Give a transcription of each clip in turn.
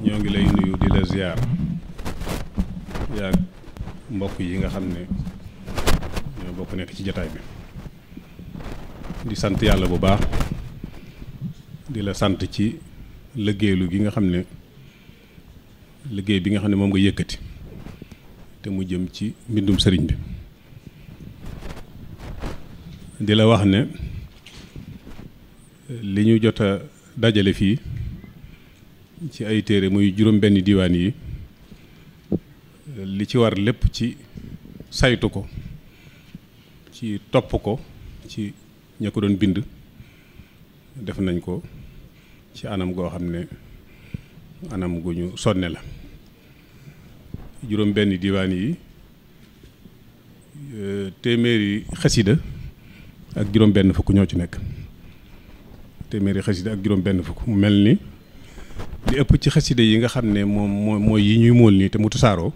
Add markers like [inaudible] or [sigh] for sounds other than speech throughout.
ñoo ngi lay nuyu di la ziar yaag mbokk yi nga xam ne ñoo bokk nekk ci jataay bi di sant yàlla bu baax di la sant ci liggéeylu gi nga xam ne liggéey bi nga xam ne moom nga yëkkati te mu jëm ci mbindum sëriñ bi di la wax ne li ñu jot dajale fii ci ay téere muy juróom-benn diwaan yi li ci war lépp ci saytu ko ci topp ko ci ña ko doon bind def nañ ko ci anam goo xam ne anam gu ñu sonne la juróom-benn diwaan yi e, téeméeri xasida ak juróom-benn fukk ñoo ci nekk téeméeri xasida ak juróom-benn fukk mu mel ni. li ëpp ci xasida yi nga xam ne moom moo mooy yi ñuy mool nii te mu tasaaroo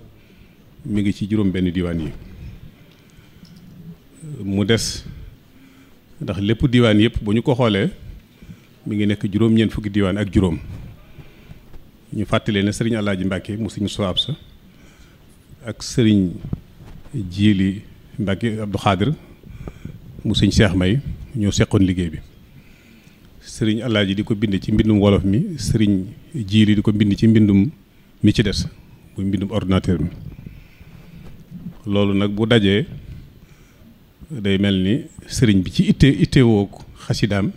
mi ngi ci juróom benn diwaan yi mu des ndax lépp diwaan yëpp bu ñu ko xoolee mu ngi nekk juróom-ñeent fukki diwaan ak juróom ñu fàttali ne sëriñ Alaaji Mbàkke mu suñu suwaab sa ak sëriñ Jiili Mbàkke Abdu Xaadir mu suñ Seex May ñoo seqoon liggéey bi sëriñ Alaaji di ko bind ci mbindum wolof mi sëriñ jiiri di ko mbind ci mbindum mi ci des muy mbindum ordinateur mi loolu nag bu dajee day mel ni sëriñ bi ci itte ittewoo xasidaam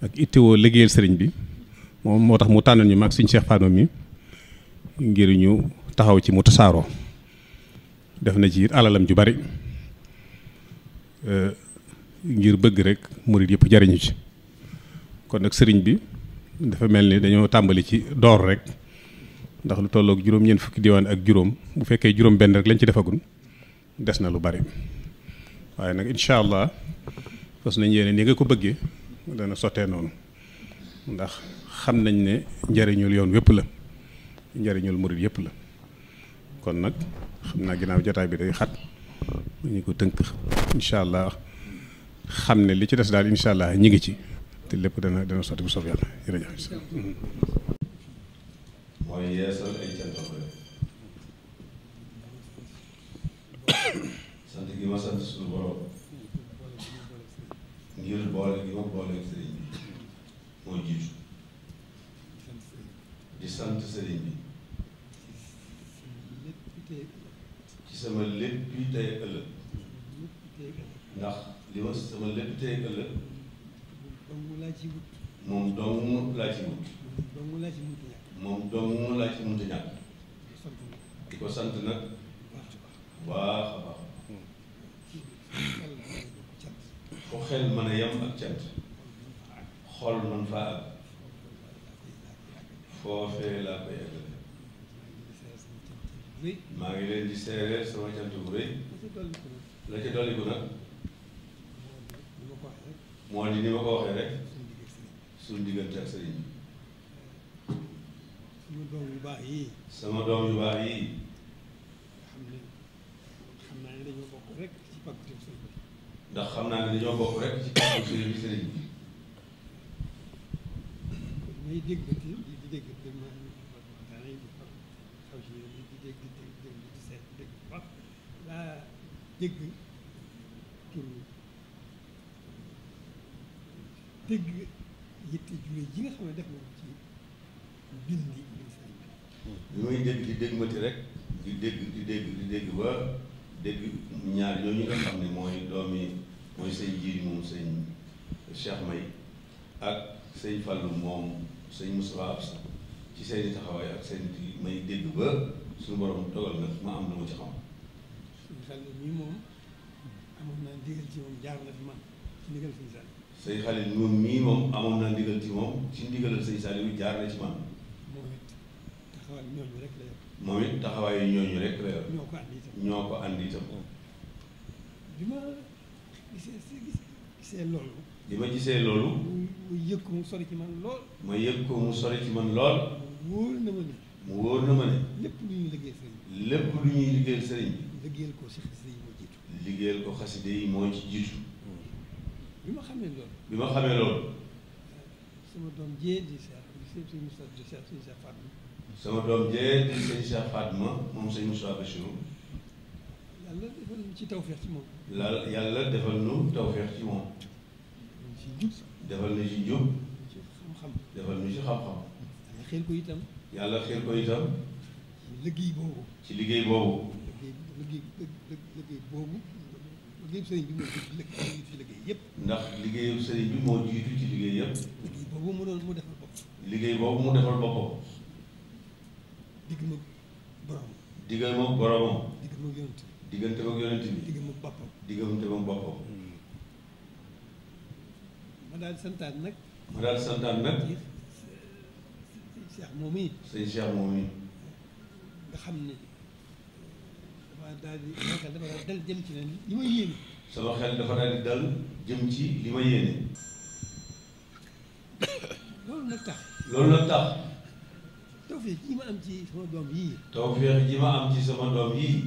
ak ittewoo liggéeyal sëriñ bi moom moo tax mu tànnal ñu mag suñ Cheikh Fano mi ngir ñu taxaw ci mu tasaaroo def na ci alalam ju bari eh, ngir bëgg rek mu di yëpp jariñu ci kon nag sëriñ bi dafa mel ni dañoo tàmbali ci door rek ndax lu tolloog juróom-ñeent fukki diwaan ak juróom bu fekkee juróom-benn rek lañ ci defagun des na lu bari waaye nag incha allah fas nañ yéene ni nga ko bëggee dana sottee noonu ndax xam nañ ne njariñul yoon wépp la njariñul murit yépp la kon nag xam naa ginnaaw jotaay bi day xat ñu ko tënk incha allah xam ne li ci des daal incha allah ñu ngi ci. te lépp dana dana sotti bu soob yàlla jërëjëf. mooy yeesal ay [coughs] sant gi ma sant ngir boole gi ma boole sëriñ bi moo jiitu di sant sëriñ bi ci sama lépp yi ëllëg ndax li ma sama lépp tey ëllëg moom dong laa ci wut. moom dong laa ci wut. moom dong laa ci mënut a ñàkk. di ko sant nag. baax a baax. fu xel mën a yem ak cant. xol man faa ak. foofee laa koy àggale. maa ngi leen di seereel sama cant bu rëy. la ca dolliku nag. moo di ni ma ko waxee rek suñ diggante ak sëriñ bi sama doom yu baax yii sama doom yu baax yii xam naa ne dañoo bokk rek ci pàggu sëriñ bi ndax xam naa ne dañoo bokk rek ci pàggu sëriñ bi sëriñ bi may dégg di di dégg dégg dégg yitte jure ji nga xam ne def na ci bind bi muy dégg di dégmati rek di dégg di dégg di dégg ba dégg ñaar yooyu nga xam ne mooy doomi mooy sëñ jiir moom sëñ Cheikh May ak sëñ Fallou moom sëñ Moustapha Absa ci seen i ak seen may dégg ba suñu borom dogal nag ma am na mu ci xam. sëñ Fallou mii moom amoon naa ndigal ci moom jaar na fi man ci ndigal sëñ Sall. sëñ Xalil moom mii moom amoon naa ndigal ci moom ci ndigalal sëñ Saliou jaar na ci man. moom it taxawaayu ñooñu rek la yor. moom it taxawaayu ñooñu rek la yor. ñoo ko andi itam ñoo ko andi oh. bi ma gisee loolu. bi ma gisee loolu. mu yëg ko mu sori ci man lool. ma yëg ko mu sori man lool. wóor na ma ne. mu wóor na ma ne. lépp lu ñuy liggéeyal sëriñ bi. lépp lu ñuy liggéeyal sëriñ bi. liggéeyal ko si xasida yi moo jiitu. moo ci jiitu. bi ma xamee loolu. bi ma xamee loolu. sama doom jee di seet di seet di seet di seet Fatma. sama doom jee di seet Cheikh Fatma moom sëñ Moussa Bachir. yàlla defal nu ci tawféex ci moom. la yàlla defal nu tawféex ci moom. defal nu ci njub. defal nu ci xam-xam. yàlla xeer ko itam. yàlla xeer ko itam. ci liggéey boobu. ci liggéey liggéeyu liggéey yëpp. ndax liggéeyu sëriñ bi moo liggéey yëpp. liggéey mu doon mu defal boppam. liggéey boobu moo defal boppam. digg ma borom. diggal ma boromam. digg ma yonent bi. diggante ma yonent bi. digg boppam. diggante ma boppam. Hmm. ma daal di santaan nag. ma daal di santaan nag. sëñ Cheikh moom yi. sëñ Cheikh moom yi. nga xam ne. sama xel dafa daal di dal jëm ci li ma yéene. loolu nag tax. loolu nag tax. tawfeex ji ma am ci sama doom yii. tawfeex ji ma am ci sama doom yii.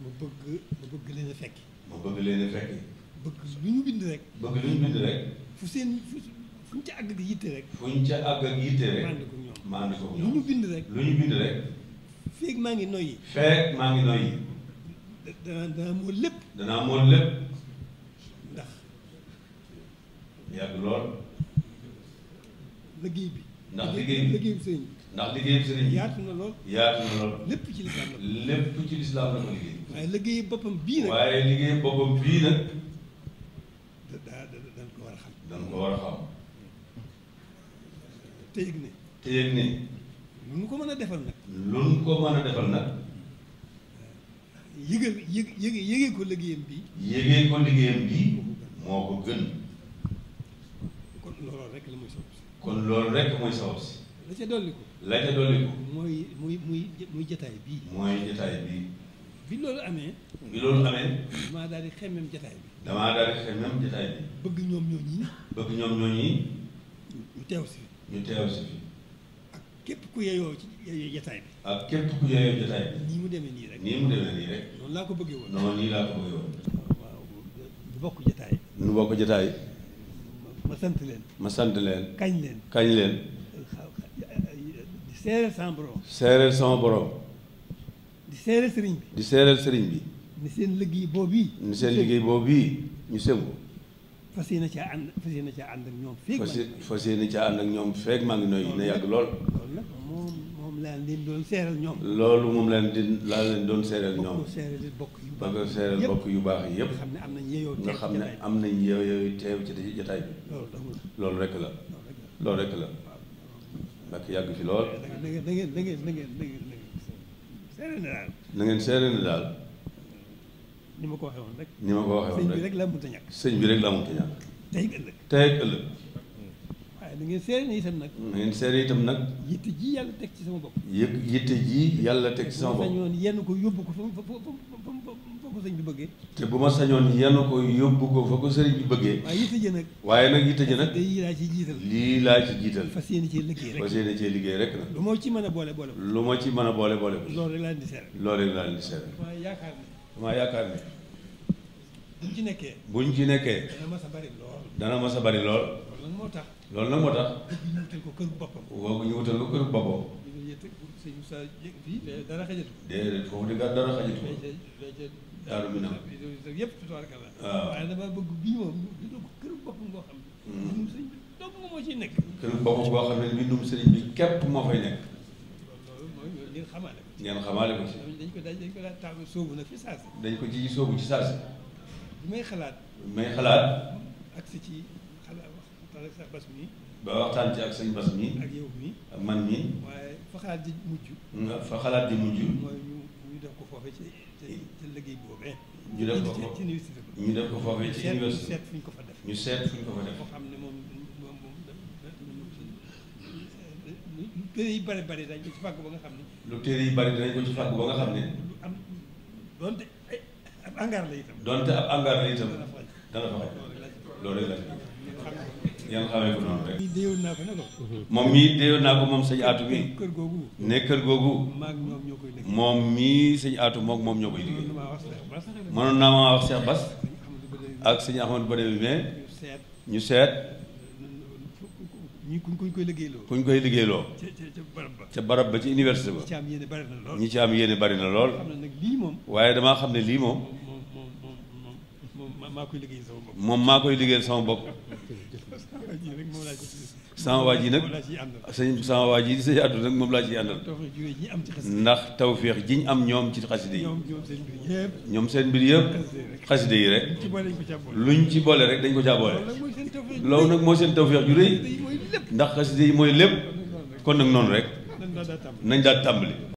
ma bëgg ma bëgg leen fekk. ma bëgg leen fekk. bëgg lu ñu bind rek. bëgg lu ñu bind rek. fu seen fu ñu ca àgg ak yitte rek. fu ñu ca àgg ak yitte rek. maandi ko ñoom maandi ko ñoom bind rek. lu ñu bind rek. feeg maa ngi noyyi. feeg maa ngi noyyi. dana dana mool lépp. danaa mool lépp. ndax. yàgg lool. liggéey bi. ndax liggéey bi liggéey bi sëriñ bi. ndax liggéey bi sëriñ bi. yaatu na lool. yaatu na lool. lépp ci lislaam la. lépp ci lislaam la ko liggéey. waaye liggéey boppam bii nag. waaye liggéey boppam bii nag. da daa dañ ko war a xam. dañ ko war a xam. te yëg ne. te yëg ne. lu nu ko mën a defal nag. lu nu ko mën a defal nag. yëgal yëg yëge ko liggéeyam bi yëgee ko liggéeyam bi moo ko gën. kon loolu rek la mooy sabab si. kon loolu rek mooy sabab si. la ca dolli ko. la ca dolli ko. mooy muy muy muy jataay bii. mooy jataay bii. bi loolu amee. bi loolu amee. damaa daal di jataay bi. damaa daal di jataay bi. bëgg ñoom ñooñi. bëgg ñoom ñooñi. ñu teew si. ñu teew si. Ah, ku yeyoo ci jotaay bi nii mu demee nii rek nii noonu laa ko bëggee woon noonu nii laa ko bëggee woon waaw ñu bokk jotaay ñu bokk jotaay ma sant leen ma sant leen kañ leen kañ leen di seereel sama borom seereel sama borom di seereel sëriñ bi di seereel sëriñ bi ni seen liggéey boobu yi ni seen liggéey boobu yi ñu sëngu fas yéene caa ànd fas yéene caa ànd ak ñoom feeg fas yéene caa ànd ak ñoom feeg maa ngi noy na yàgg lool loolu nag moom moom laa leen doon seeral ñoom. loolu moom leen di laa leen doon seeral ñoom. ba ko seeral bokk yu baax yi yëpp. nga xam ne am nañ yooyu teew ci jotaay bi. loolu rek la. loolu rek la. ndax yàgg fi lool. na ngeen na ngeen na ngeen na ngeen seere na daal. na ngeen seere na ni ma ko waxee woon rek. ni ma ko waxee woon rek bi rek laa mënut a ñàkk. sëñ bi rek laa mënut a ñàkk. tey ëllëg. tey ëllëg. waaye na ngeen itam nag na ngeen seere itam nag yitte ji yàlla teg ci sama bopp yëg ji yàlla teg ci sama bopp yenn ko yóbbu ko fa fa ko sëriñ bi bëggee te bu ma sañoon yenn ko yóbbu ko fa ko sëriñ bi bëggee waaye yitte ji nag waaye nag yitte ji nag lii laa ci jiital lii laa ci jiital fas yéene cee liggéey rek fas yéene liggéey rek nag lu ci mën a boole boole lu ma ci mën a boole boole loolu laa leen di seere loolu laa waaye yaakaar ne yaakaar ne buñ ci nekkee ci nekkee dana mas bari lool dana mas a bari lool moo tax loolu nag moo tax. ñu ko kër boppam. waaw ñu wutal ko kër boppam. dara xajatu. déedéet foofu yëpp tubaarkalla. waaw waaye bëgg bii moom ñu ko kër boppam boo hmm. nekk. kër boppam boo xam ne mooy ngeen xamaale ko. ngeen dañ ko dañ ko daan taamu sóobu nag dañ ko ci sóobu ci saasi. may xalaat. bi may xalaat. agsi ci. waxtaan ak sax mi. ba waxtaan ci ak sëñ bas mi. ak yow mi ak man mi. waaye fa xalaat di mujj. nga fa xalaat di mujj. mooy ñu def ko foofee ci ci ci liggéey boobee. ñu def ko foofu ko ci université fa def. ñu seet fu ñu ko fa def. boo lu téere yi bari bari dañ ko ci fàgg ba nga xam ne. lu téere yi bari dinañ ko ci fàgg ba nga xam ne. am donte ab angaar la itam. donte ab angaar la itam dana fa xaj loolu rek la. ngeen xamee ko rek. moom mii déewoon naa ko moom sëñ aatu bi. ne kër googu. ne kër googu. moom mii sëñ aatu mook moom ñoo koy liggéey. mënoon naa maa wax Cheikh ak sëñ Ahmad Badé ñu seet. ñi kuñ koy liggéeyloo. kuñ koy liggéeyloo. ca barab ba ci université ba. ñi ci am yéene bari lool. waaye damaa xam ne lii moom. moom maa koy liggéeyal sama bopp. [laughs] sama waa ji nag sëñ sama waa ji sëñ Abdou nag moom laa ciy àndal ndax tawféex jiñ am ñoom ci xaside yi ñoom seen mbir yëpp xaside yi rek lu ñu ci boole rek dañ ko caa boole loolu nag moo seen tawféex ju ndax xaside yi mooy lépp kon nag noonu rek nañ daal tàmbali